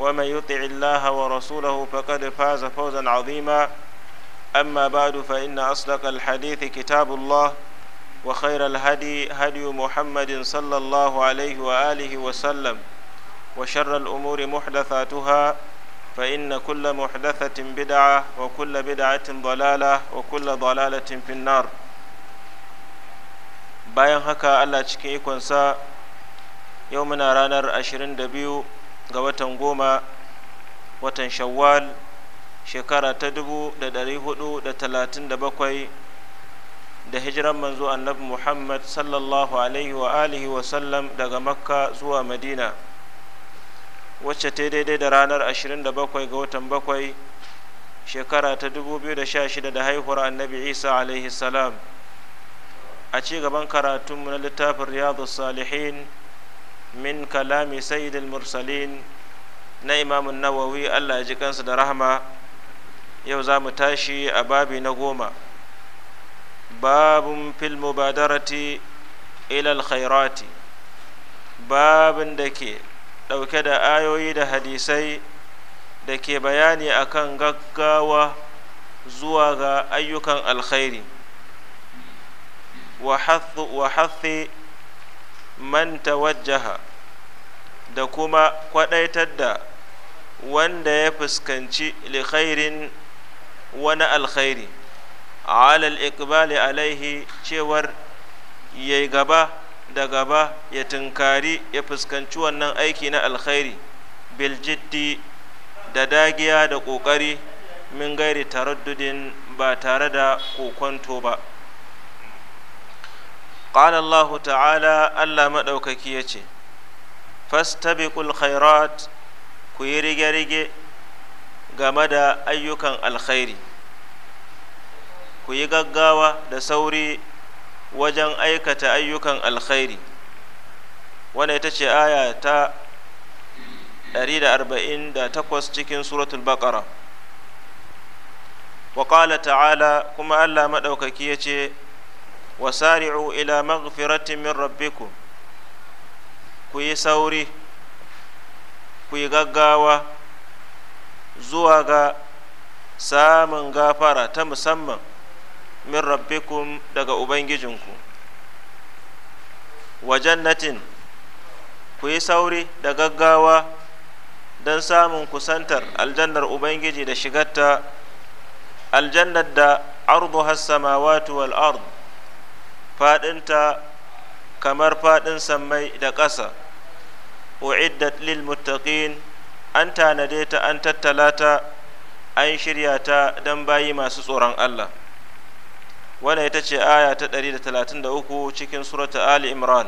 ومن يطع الله ورسوله فقد فاز فوزا عظيما أما بعد فإن أصدق الحديث كتاب الله وخير الهدي هدي محمد صلى الله عليه وآله وسلم وشر الأمور محدثاتها فإن كل محدثة بدعة وكل بدعة ضلالة وكل ضلالة في النار bayan haka Allah cikin ikonsa yau muna ranar 22 ga watan goma watan shawwal shekara ta dubu da dari hudu da talatin da bakwai da hijiran manzo annabi muhammad sallallahu alaihi wa alihi wa sallam daga makka zuwa madina wacce ta daidai da ranar 27 ga watan bakwai shekara ta 2016 da haihuwar annabi isa alaihi salam a ci gaban karatunmu na littafin riyadu salihin min kalami sayyidil mursalin na imamun nawawi allah ya ji kansa da rahama yau za mu tashi a babi na goma babun fil mubadarati ilal khairati babin da ke ɗauke da ayoyi da hadisai da ke bayani akan gaggawa zuwa ga ayyukan alkhairi wa hathi man tawajjaha da kuma kwadaitar da wanda ya fuskanci likhairin wani alkhairi alal ikbali alaihi cewar ya gaba da gaba ya tunkari ya fuskanci wannan aiki na alkhairi biljiddi da dagiya da ƙoƙari min gairi taraddudin ba tare da kokonto ba ƙalallahu ta'ala allah maɗaukaki ya ce fastabiqul khairat ku yi rige-rige game da ayyukan alkhairi ku yi gaggawa da sauri wajen aikata ayyukan alkhairi wanda ita ce aya ta 148 cikin suratul baqara wa qala ta'ala kuma Allah maɗaukaki yace sari'u ila maghfiratin min rabbikum ku yi sauri ku yi gaggawa zuwa ga samun gafara ta musamman min rabbikum daga ubangijinku wa jannatin ku yi sauri da gaggawa don samun kusantar aljannar ubangiji da shigarta aljannar da ardu samawatu wal ard faɗinta kamar faɗin sammai da ƙasa uiddat lil muttaqin an tanade ta an tattala ta an shirya ta don bayi masu tsoron Allah wannan ita ce aya ta 133 cikin surata Ali Imran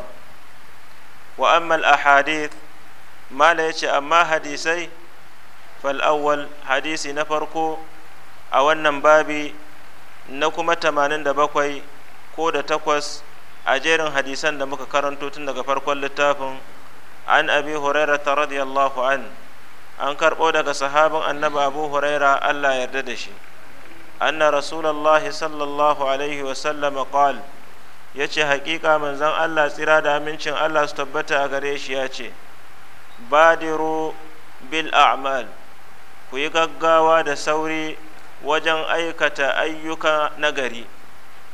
wa amma al-ahadith mala yace amma hadisai fal awwal hadisi na farko a wannan babi na kuma 87 ko da takwas a jerin hadisan da muka karanto tun daga farkon littafin an abi ta radiyallahu an an karɓo daga sahabin annabi abu huraira allah yarda da shi na rasulallahi sallallahu alaihi wasallama qal ya ce haƙiƙa manzan allah tsira da amincin allah su tabbata a gare shi ya ce badiru bil a'mal ku yi gaggawa da sauri wajen aikata ayyuka nagari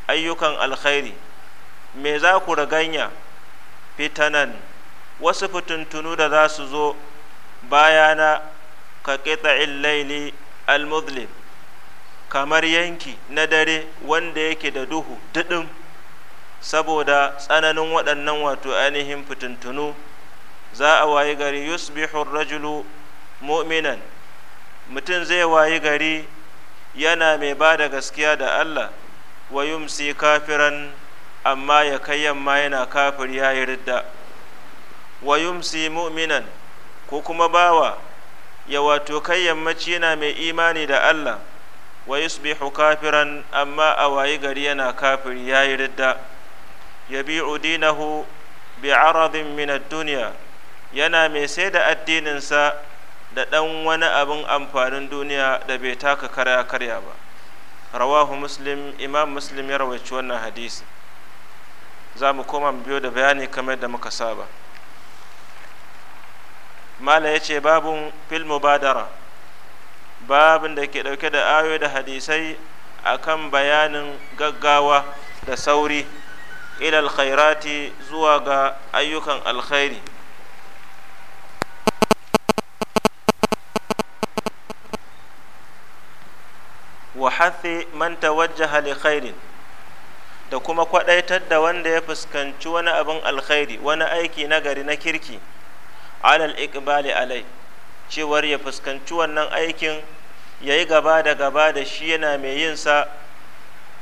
ayyukan alkhairi me za ku raganya fitanan wasu fitintunu da za su zo bayana ka ƙita'in laili al muslim kamar yanki na dare wanda yake da duhu duɗin saboda tsananin waɗannan wato ainihin fitintunu za a wayi gari yusbihur rajulu mu'minan mutum zai wayi gari yana mai ba da gaskiya da Allah wa yumsi kafiran amma ya kai yamma yana kafir ya yi ridda wa yumsi mu'minan ko kuma bawa ya wato kai yammaci yana mai imani da Allah wa yusbihu kafiran amma a wayi gari yana kafiri yayi ridda bi'u dinahu bi'aradin min ad-dunya yana mai sai da addininsa da ɗan wani abin amfanin duniya da bai taka karya karya ba rawahu muslim imam muslim ya rawaici wannan hadisi za mu koma biyo da bayani kamar da muka saba mala ya ce babun fil mubadara babin da ke ɗauke da ayo da hadisai akan bayanin gaggawa da sauri ilal khairati zuwa ga ayyukan alkhairi wa hathi man tawajjaha li khairin da kuma kwadaitar da wanda ya fuskanci wani abin alkhairi wani aiki nagari na kirki alal iqbali alai cewar ya fuskanci wannan aikin ya yi gaba da gaba da shi yana mai yin sa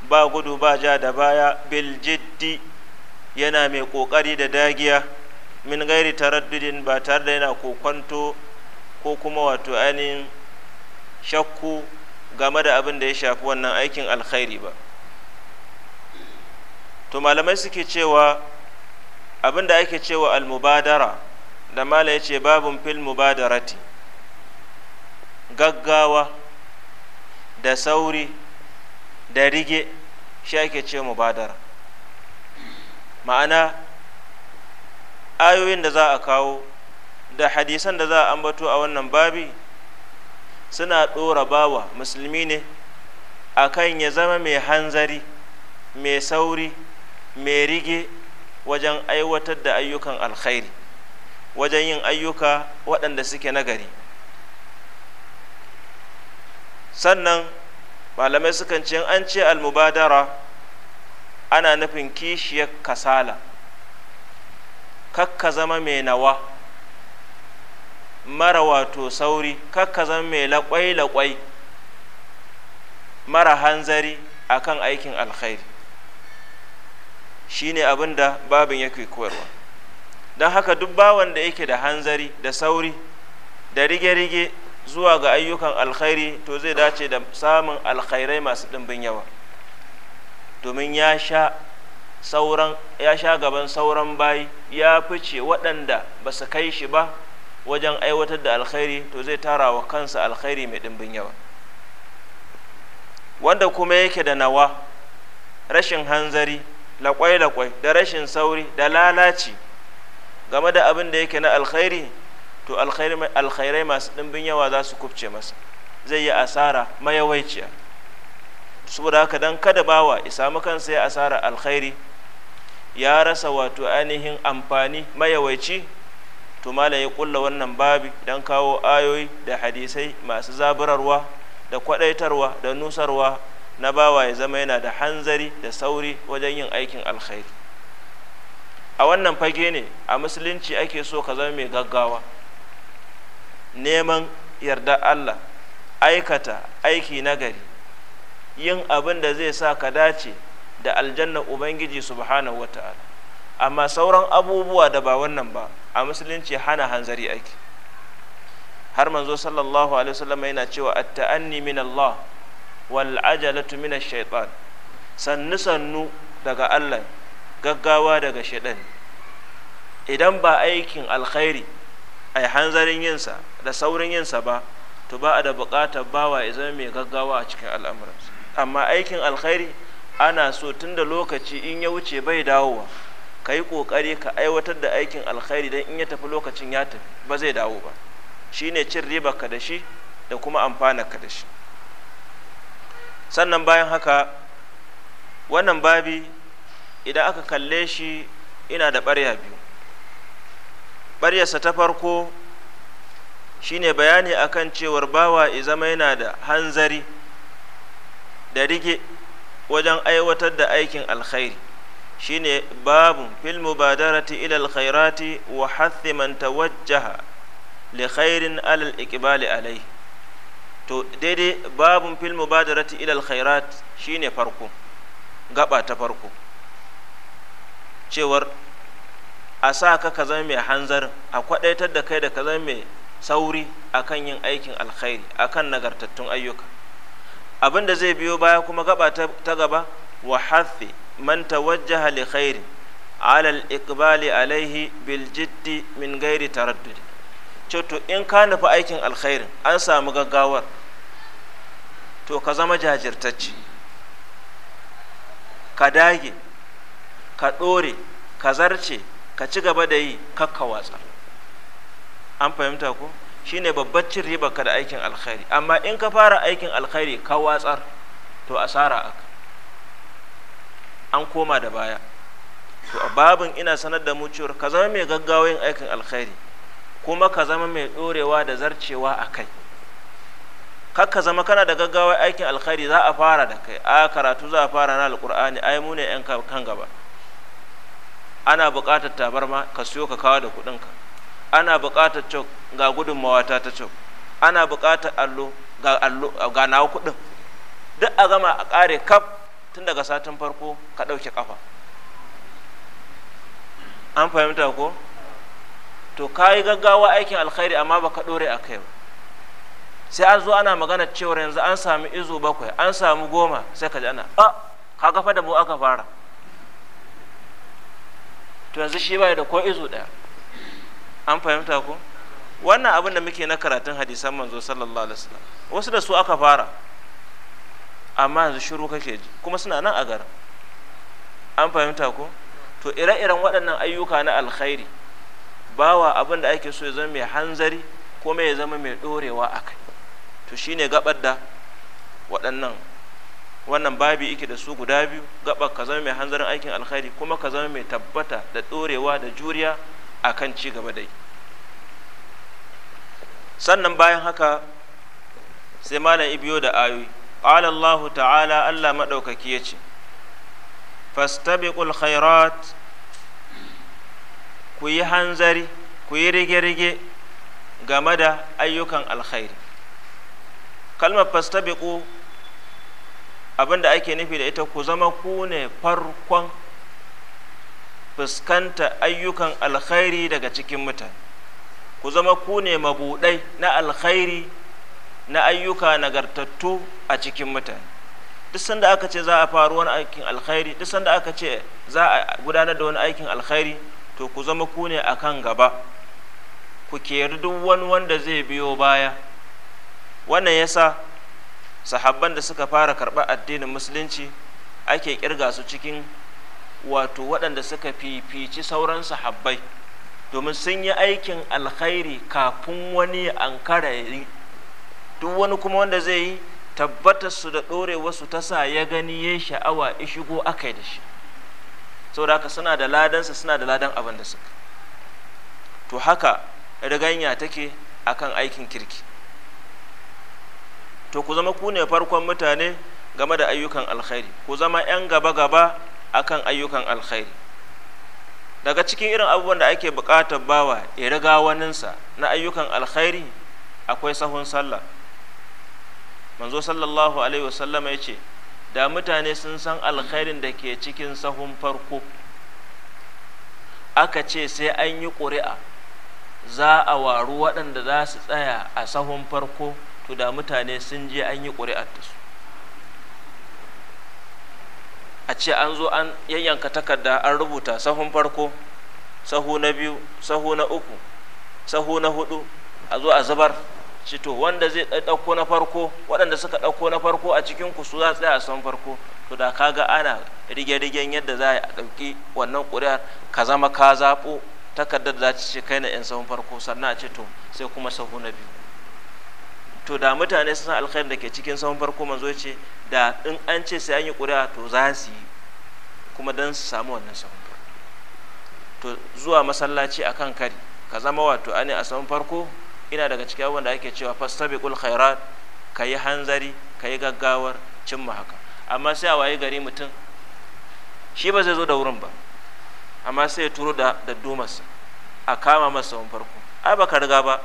ba gudu ba ja da baya bil jiddi yana mai ƙoƙari da dagiya min gairi taraddudin ba tare da yana kokwanto ko kuma wato ainihin shakku game da abin da ya shafi wannan aikin alkhairi ba to malamai suke cewa abin da ake cewa almubadara da mala ya ce babin da rati gaggawa da sauri da rige shi ake ce mubadara ma'ana ayoyin da za a kawo da hadisan da za a ambato a wannan babi suna ɗora bawa musulmi ne akan ya zama mai hanzari mai sauri mai rige wajen aiwatar da ayyukan alkhairi wajen yin ayyuka waɗanda suke nagari sannan malamai sukan ce an ce almubadara ana nufin kishiyar kasala kakka zama mai nawa mara wato sauri kakka zama mai laƙwai-laƙwai mara hanzari akan aikin alkhairi shine abinda da babin yake koyarwa don haka duk bawan da yake da hanzari da sauri da rige-rige zuwa ga ayyukan alkhairi to zai dace da samun alkhairai masu ɗimbin yawa domin ya sha sauran ya sha gaban sauran bayi ya fice waɗanda ba su kai shi ba wajen aiwatar da alkhairi to zai tara wa kansa alkhairi mai ɗimbin yawa wanda kuma yake da nawa rashin hanzari laƙwai-laƙwai da rashin sauri da lalaci game da abin da yake na alkhairi to alkhairai masu ɗimbin yawa za su kubce masa zai yi asara mayawaiciya saboda haka don kada bawa isa samu kansa ya asara alkhairi ya rasa wato ainihin amfani mayawaici to mala ya kulla wannan babi don kawo ayoyi da hadisai masu zaburarwa da kwadaitarwa da nusarwa na bawa ya zama yana da hanzari da sauri wajen yin aikin alkhairi a wannan fage ne a musulunci ake so ka zama mai gaggawa neman yarda Allah aikata aiki nagari yin abin da zai sa ka dace da aljanna ubangiji subhanahu wata'ala amma sauran abubuwa da ba wannan ba a musulunci hana hanzari ake har manzo sallallahu alaihi wasallam yana cewa at-ta'anni min Allah wal ajalatu min ash-shaytan sannu sannu daga Allah gaggawa daga shaɗan idan ba aikin alkhairi a hanzarin yinsa da saurin yinsa ba to ba a da buƙatar bawa ya zama mai gaggawa a cikin al'amuransa amma aikin alkhairi ana so tun da lokaci in ya wuce bai dawowa ka yi ƙoƙari ka aiwatar da aikin alkhairi don in ya tafi lokacin ya tafi ba zai dawo ba Shi ne cin riba ka da shi da kuma amfana ka da shi sannan bayan haka wannan babi idan aka kalle shi ina da ɓarya biyu ɓaryarsa ta farko shine bayani akan cewar bawa zama yana da hanzari da rige wajen aiwatar da aikin alkhairi shine babu ba darati ila alkhairati wa hathi wajaha tawajjaha li khairin alal ikibali alai to daidai babun fil mubadarati ila shi shine farko gaba ta farko cewar a sa ka ka zama mai hanzarin a kwadaitar da kai da ka zama mai sauri a kan yin aikin alkhairi a kan nagartattun ayyuka abin da zai biyo baya kuma gaba ta gaba wa hafi man tawajja li khairi ala al-iqbali alaihi bil jiddi min gairi taraddudi ce in ka nufi aikin alkhairin an samu gaggawar to ka zama jajirtacce ka dage ka ɗore ka zarce ka ci gaba da yi kakka watsa an fahimta ko shine babbar cin riba ka da aikin alkhairi amma in ka fara aikin alkhairi ka watsar to asara aka an koma da baya to a babin ina sanar da mu cewar ka zama mai gaggawa yin aikin alkhairi kuma ka zama mai ɗorewa da zarcewa a kai kar ka zama kana da gaggawa aikin alkhairi za a fara da kai a karatu za a fara na alkur'ani ai mu ne yan kan gaba ana buƙatar tabarma ka siyo ka kawo da kuɗinka ana buƙatar cok ga gudun ta ta cok ana buƙatar allo ga allo ga nawa kuɗin duk a gama a ƙare kaf tun daga satin farko ka ɗauke ƙafa an fahimta ko to ka yi gaggawa aikin alkhairi amma ba ka ɗore a kai ba sai an zo ana magana cewar yanzu an sami izo bakwai an samu goma sai ka ji ana a ah, ka gafa da mu aka fara to yanzu shi bai da ko izu ɗaya an fahimta ko wannan abin da muke na karatun hadisan manzo sallallahu alaihi wasallam wasu da su aka fara amma yanzu shiru kake ji kuma suna nan a garin an fahimta ko to ire-iren waɗannan ayyuka na alkhairi bawa abin da ake so ya zama mai hanzari kuma ya zama mai ɗorewa a kai to shine gabar da waɗannan wannan babi yake da su guda biyu gaba ka zama mai hanzarin aikin alkhairi kuma ka zama mai tabbata da ɗorewa da juriya a kan ci gaba dai sannan bayan haka sai malam ibiyo da ayoyi qala Allah ta'ala Allah maɗaukaki ya ce fastabiqul khairat ku yi hanzari ku yi rige-rige game da ayyukan alkhairi kalmar fastabiqu abin da ake nufi da ita ku zama ku ne farkon fuskanta ayyukan alkhairi daga cikin mutane ku zama ku ne mabuɗai na alkhairi na ayyuka nagartattu a cikin mutane duk sanda aka ce za a faru wani aikin alkhairi duk sanda aka ce za a gudanar da wani aikin alkhairi to ku zama ku ne a gaba ku keri duk wani wanda zai biyo baya wannan yasa sahabban da suka fara karɓar addinin musulunci ake kirga su cikin wato waɗanda suka fifici sauran sahabbai domin sun yi aikin alkhairi kafin wani ankara yi duk wani kuma wanda zai yi tabbatar su da ɗore wasu ta sa ya gani ya sha'awa ya shigo aka yi da shi saboda haka suna da ladansa suna da ladan abin da suka to haka riganya take akan aikin kirki to ku zama ku ne farkon mutane game da ayyukan alkhairi ku zama 'yan gaba-gaba akan ayyukan alkhairi daga cikin irin abubuwan da ake bukatar bawa ya riga sa na ayyukan alkhairi akwai sahun sallah manzo sallallahu alaihi wasallama ya ce da mutane sun san alkhairin da ke cikin sahun farko aka ce sai an yi ƙuri'a za a waru waɗanda za su tsaya a sahun farko to da mutane sun je an yi ƙuri'ar da su a ce an zo an yayyanka takarda an rubuta sahun farko sahu na biyu sahu na uku sahu na hudu a zo a zubar shi to wanda zai ɗauko na farko waɗanda suka ɗauko na farko a cikin ku su za su tsaya a san farko to da ga ana rige-rigen yadda za a ɗauki wannan ƙuri'ar ka zama ka zaɓo takardar da za ta ce kai na 'yan sahun farko sannan a ce to sai kuma sahu na biyu to da mutane sun san alkhairin da ke cikin sahun farko manzo ce da in an ce sai an yi ƙuri'a to za su yi kuma don su samu wannan sahun farko to zuwa masallaci akan kari ka zama wato ane a sahun farko ina daga cikin abubuwan da ake cewa fastabiqul khairat ka yi hanzari ka yi gaggawar cimma haka amma sai a waye gari mutum shi ba zai zo da wurin ba amma sai ya turo da dumarsa a kama masa sahun farko ai baka riga ba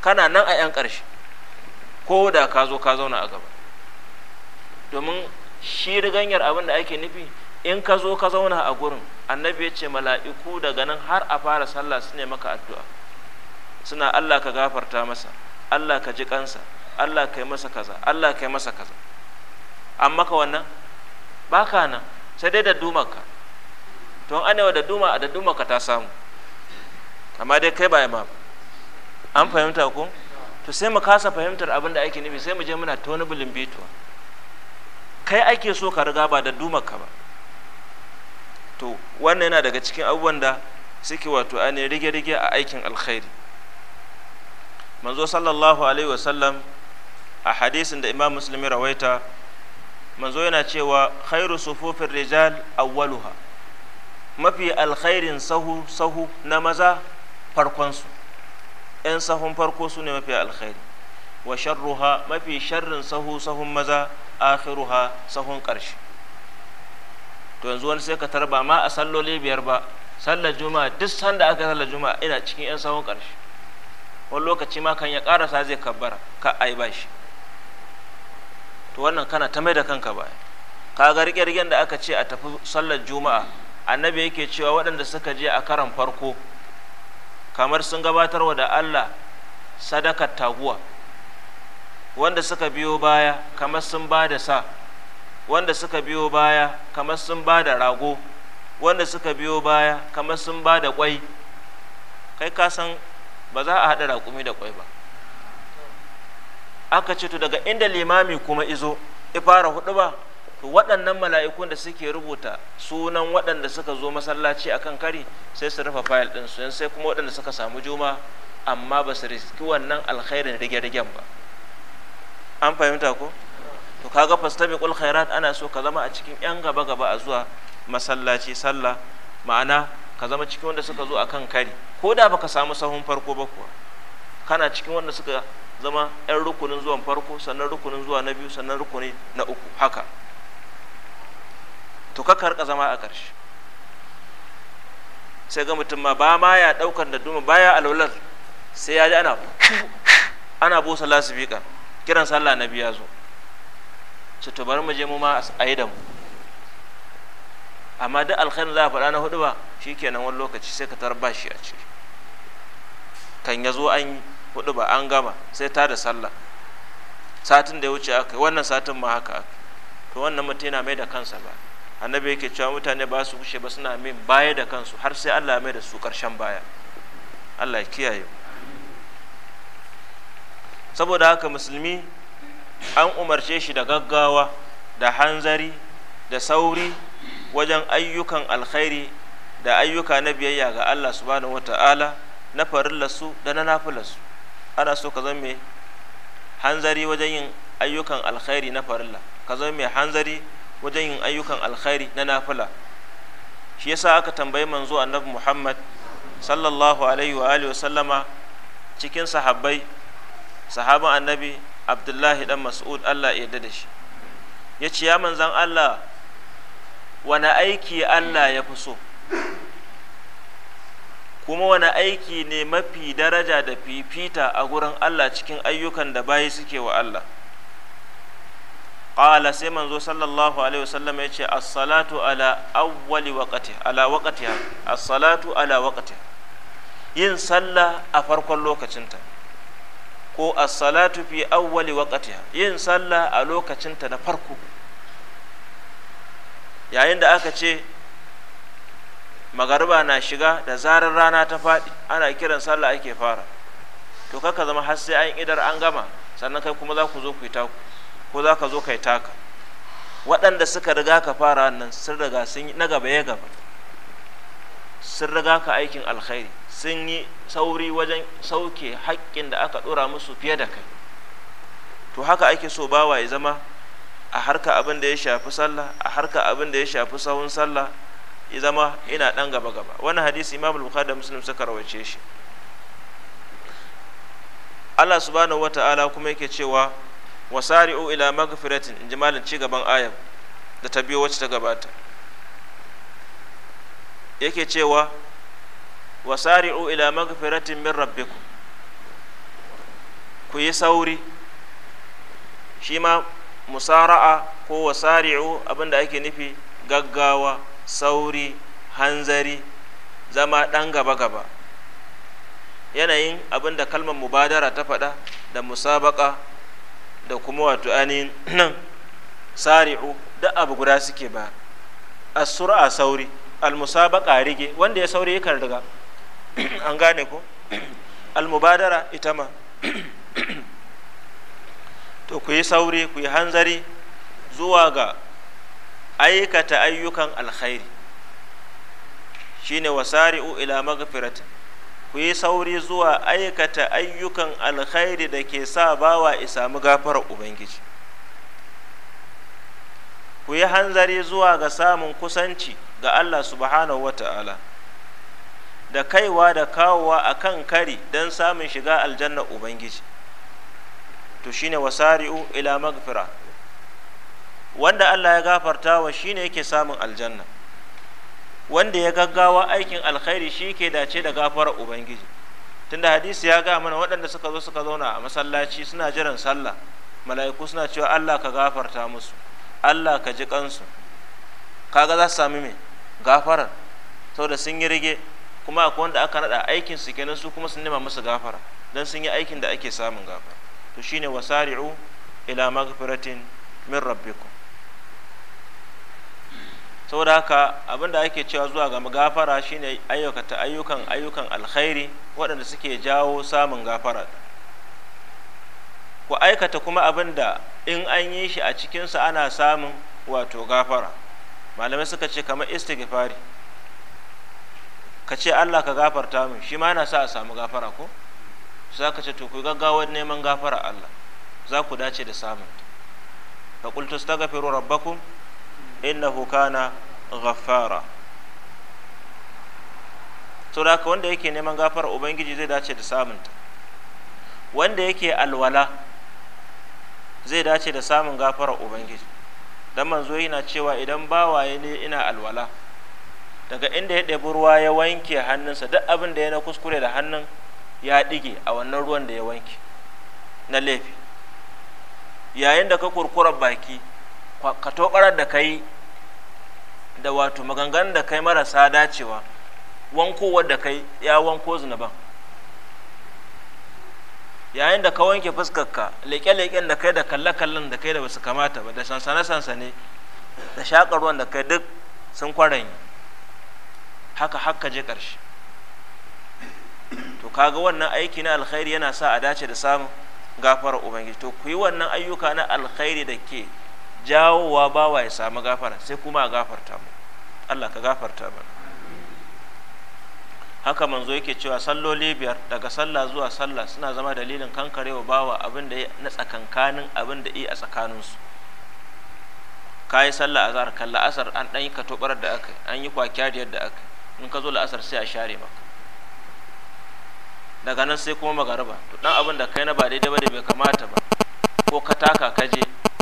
kana nan a 'yan ƙarshe ko da ka zo ka zauna a gaba domin shi riganyar abin da ake nufi in ka zo ka zauna a gurin annabi ya ce mala'iku daga nan har a fara sallah su ne maka addu'a suna allah ka gafarta masa allah ka ji kansa allah ka yi masa kaza allah ka yi masa kaza an maka wannan ba ka nan sai dai da dumaka to an anewa da duma da dumaka ta samu amma dai kai ba ma ba an fahimta ku. to sai mu kasa fahimtar abin da ake nufi sai mu je muna tona wani bitu kai ake so ka riga ba da dumaka ba to wannan yana daga cikin abubuwan da suke wato ne rige-rige a aikin alkhairi manzo sallallahu alaihi wasallam a hadisin da imam musulmi rawaita manzo yana cewa khairu sufufin rijal awwaluha mafi alkhairin sahu sahu na maza farkon su. 'yan sahun farko su ne mafi alkhairi wa sharruha mafi sharrin sahu sahun maza akhiruha sahun ƙarshe to yanzu wani sai ka tarba ma a salloli biyar ba sallar juma'a duk sanda aka sallar juma'a ina cikin 'yan sahun ƙarshe wani lokaci ma kan ya ƙarasa zai kabbara ka ai bashi to wannan kana ta mai da kanka ba ka ga rike-riken da aka ce a tafi sallar juma'a annabi yake cewa waɗanda suka je a karan farko kamar sun gabatar wa da Allah sadakar taguwa wanda suka biyo baya kamar sun ba da sa wanda suka biyo baya kamar sun ba da rago wanda suka biyo baya kamar sun ba da kwai kai ka san ba za a haɗa raƙumi da kwai ba aka ce to daga inda limami kuma izo ya fara hudu ba to waɗannan mala'ikun da suke rubuta sunan waɗanda suka zo masallaci akan kari sai su rufe fayil ɗin su sai kuma waɗanda suka samu juma amma ba su riski wannan alkhairin rige-rigen ba an fahimta ko to kaga fastabiqul khairat ana so ka zama a cikin yan gaba-gaba a zuwa masallaci sallah ma'ana ka zama cikin wanda suka zo akan kari ko da baka samu sahun farko ba kuwa kana cikin wanda suka zama yan rukunin zuwan farko sannan rukunin zuwa na biyu sannan rukuni na uku haka to ka karka zama a ƙarshe sai ga mutum ma ba ma ya ɗaukar da duma baya alwalar sai ya ji ana ana bosa lasifika kiran sallah na biya zo su to bari mu je mu ma a yi da mu amma duk alkhairin za a faɗa na hudu ba shi kenan wani lokaci sai ka tarba shi a ciki kan ya zo an hudu ba an gama sai ta da sallah satin da ya wuce aka wannan satin ma haka aka to wannan mutum yana mai da kansa ba annabi yake cewa mutane ba su ba suna min baya da kansu har sai Allah mai da su karshen baya Allah ya kiyaye saboda haka musulmi an umarce shi da gaggawa da hanzari da sauri wajen ayyukan alkhairi da ayyuka na biyayya ga Allah subhanahu wata'ala na farillarsu da na nafilarsu ana so ka zama mai hanzari wajen yin ayyukan alkhairi na farilla ka zama mai hanzari wajen yin ayyukan alkhairi na nafila shi yasa aka tambayi manzo annabi Muhammad sallallahu alaihi wa alihi sallama cikin sahabbai sahaban annabi Abdullahi dan Mas'ud Allah ya yarda da shi ya ce ya manzan Allah wani aiki Allah ya fi so kuma wani aiki ne mafi daraja da fifita a gurin Allah cikin ayyukan da bayi suke wa Allah qala sai manzo sallallahu alaihi wasallam yace as-salatu ala awwali waqti ala waqtiha as-salatu ala waqtiha yin sallah a farkon lokacinta ko as-salatu fi awwali waqtiha yin sallah a lokacinta na farko yayin da aka ce magariba na shiga da zarar rana ta faɗi ana kiran sallah ake fara to kaka zama har sai an idar an gama sannan kai kuma za ku zo ku yi taku ko za ka zo kai taka waɗanda suka riga ka fara nan sun riga sun na gaba ya gaba sun riga ka aikin alkhairi sun yi sauri wajen sauke haƙƙin da aka ɗora musu fiye da kai to haka ake so bawa ya zama a harka abin da ya shafi sallah a harka abin da ya shafi sahun sallah ya zama ina ɗan gaba gaba wani hadisi imam bukhari da muslim suka rawace shi Allah subhanahu wata'ala kuma yake cewa wasari'u ila magfiratin in ji malin ci gaban ayan da ta biyo wacce ta gabata yake cewa wasari'u ila magfiratin min rabbiku ku yi sauri shi ma musara'a ko wasari'u abinda ake nufi gaggawa sauri hanzari zama ɗan gaba-gaba yanayin abinda kalmar mubadara ta faɗa da musabaka da kuma wato ainihin sari'u da abu guda suke ba a sura sauri almusabaqa rige wanda ya sauri yakan riga an gane ko almubadara ita ma to ku yi sauri ku yi hanzari zuwa ga aikata ayyukan alkhairi shine wasari'u ila magfiratin ku yi sauri zuwa aikata ayyukan alkhairi da ke sa bawa sami gafarar ubangiji ku yi hanzari zuwa ga samun kusanci ga allah subhanahu wa ta'ala da kaiwa da kawowa a kan kari don samun shiga aljanna ubangiji to shine wasari'u ila magfira wanda allah ya gafarta wa ne yake samun aljanna wanda ya gaggawa aikin alkhairi shi ke dace da gafarar ubangiji tunda hadisi ya ga mana waɗanda suka zo suka zauna a masallaci suna jiran sallah mala'iku suna cewa Allah ka gafarta musu Allah ka ji kansu kaga za su sami me gafarar saboda sun yi rige kuma akwai wanda aka nada aikin su kenan su kuma sun nema musu gafara dan sun yi aikin da ake samun gafara to shine wasari'u ila magfiratin min rabbikum saboda haka abin da ake cewa zuwa ga gafara shine ayyukata ayyukan ayyukan alkhairi waɗanda suke jawo samun gafara ku aikata kuma abin da in an yi shi a cikinsa ana samun wato gafara malamai suka ce kamar istighfari ka ce Allah ka gafarta min shi ma yana sa a samu gafara ko za ka ce to ku gaggawa neman gafara Allah za ku dace da samun fa qultu astaghfiru rabbakum innahu kana ghaffara to da ka wanda yake neman gafar ubangiji zai dace da samunta wanda yake alwala zai dace da samun gafarar ubangiji dan manzo yana cewa idan bawaye ne ina alwala daga inda ya ɗebi ruwa ya wanke hannunsa duk abin da ya na kuskure da hannun ya ɗige a wannan ruwan da ya wanke na laifi yayin da ka kurkurar baki ka tobarar da kai da wato maganganun da kai marasa dacewa wankowar da kai ya wanko zunuban yayin da ka wanke fuskarka leƙe-leƙen da kai da kalle-kallen da kai da basu kamata ba da sansane-sansane da shaƙar ruwan da kai duk sun kwaranyi haka haka je ƙarshe to kaga wannan aiki na alkhairi yana sa a dace da samun gafarar ubangiji to ku yi wannan ayyuka na alkhairi da ke jawowa bawa ya samu gafara sai kuma a gafarta mu Allah ka gafarta mana haka manzo yake cewa salloli biyar daga sallah zuwa sallah suna zama dalilin kankarewa bawa abin da na tsakankanin abin da yi a tsakaninsu ka yi sallah azhar kalla asar an dan yi katobar da aka an yi kwakiya da yadda aka in ka zo la'asar sai a share maka daga nan sai kuma magariba to dan abin da kai na ba daidai ba da bai kamata ba ko ka taka ka je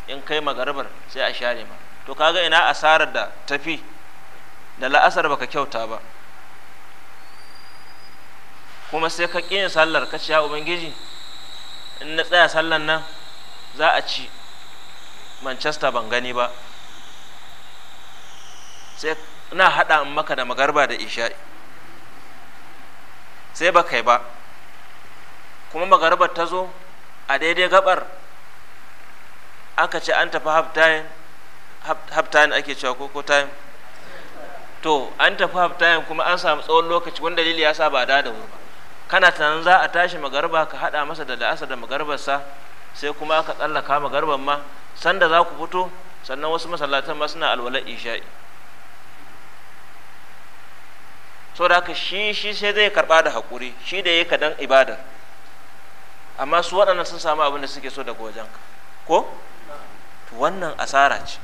in kai magaribar sai a share ma to kaga ina asarar da tafi da la'asar baka kyauta ba kuma sai ka ƙin sallar ka ci ya ubangiji in na tsaya sallar nan za a ci manchester ban gani ba sai na haɗa in maka da magarba da isha'i sai ba kai ba kuma magarbar ta zo a daidai gabar aka ce an tafi half time ake cewa ko ko time to an tafi half time kuma an samu tsawon lokaci wanda dalili ya sa ba da da wuri ba kana tunanin za a tashi magarba ka hada masa da la'asar da magarbarsa sai kuma ka tsallaka magarban ma sanda za ku fito sannan wasu masallatan ma suna alwalar isha'i so da haka shi shi sai zai karba da hakuri shi da ya kadan ibadar amma su waɗannan sun samu abin da suke so daga ka ko wannan asara ce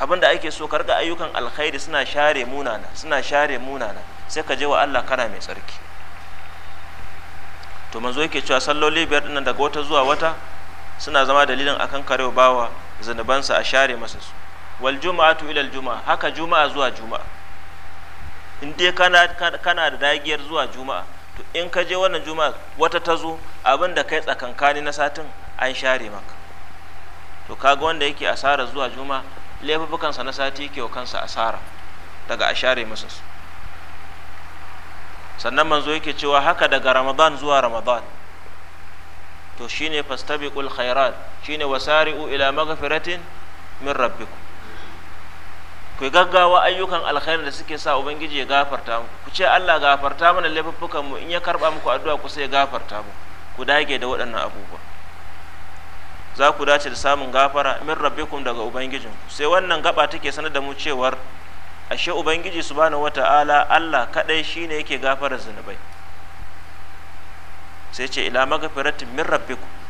abin da ake so karga ayyukan alkhairi suna share munana suna share munana sai ka je wa Allah kana mai tsarki to manzo yake cewa salloli biyar dinnan daga wata zuwa wata suna zama dalilin akan karewa bawa zanubansa a share masa su wal juma'atu ila juma'a haka juma'a zuwa juma'a in dai kana kana da dagiyar zuwa juma'a to in ka je wannan juma'a wata ta zo abin da kai tsakankani na satin an share maka to kaga wanda yake asara zuwa juma laifukansa na sati yake wa kansa asara daga a share masa su sannan manzo yake cewa haka daga ramadan zuwa ramadan to shine fastabiqul khairat shine wasari'u ila maghfiratin min rabbikum ku gaggawa ayyukan alkhair da suke sa ubangiji ya gafarta muku ku ce Allah gafarta mana laifukan mu in ya karba muku addu'a ku sai gafarta mu ku dage da waɗannan abubuwa za ku dace da samun gafara min rabbikum daga ubangijin sai wannan gaba take sanar da mu cewar ashe ubangiji subhanahu wata'ala Allah kadai shine yake gafara zunubai sai ce ila magfiratin min rabbikum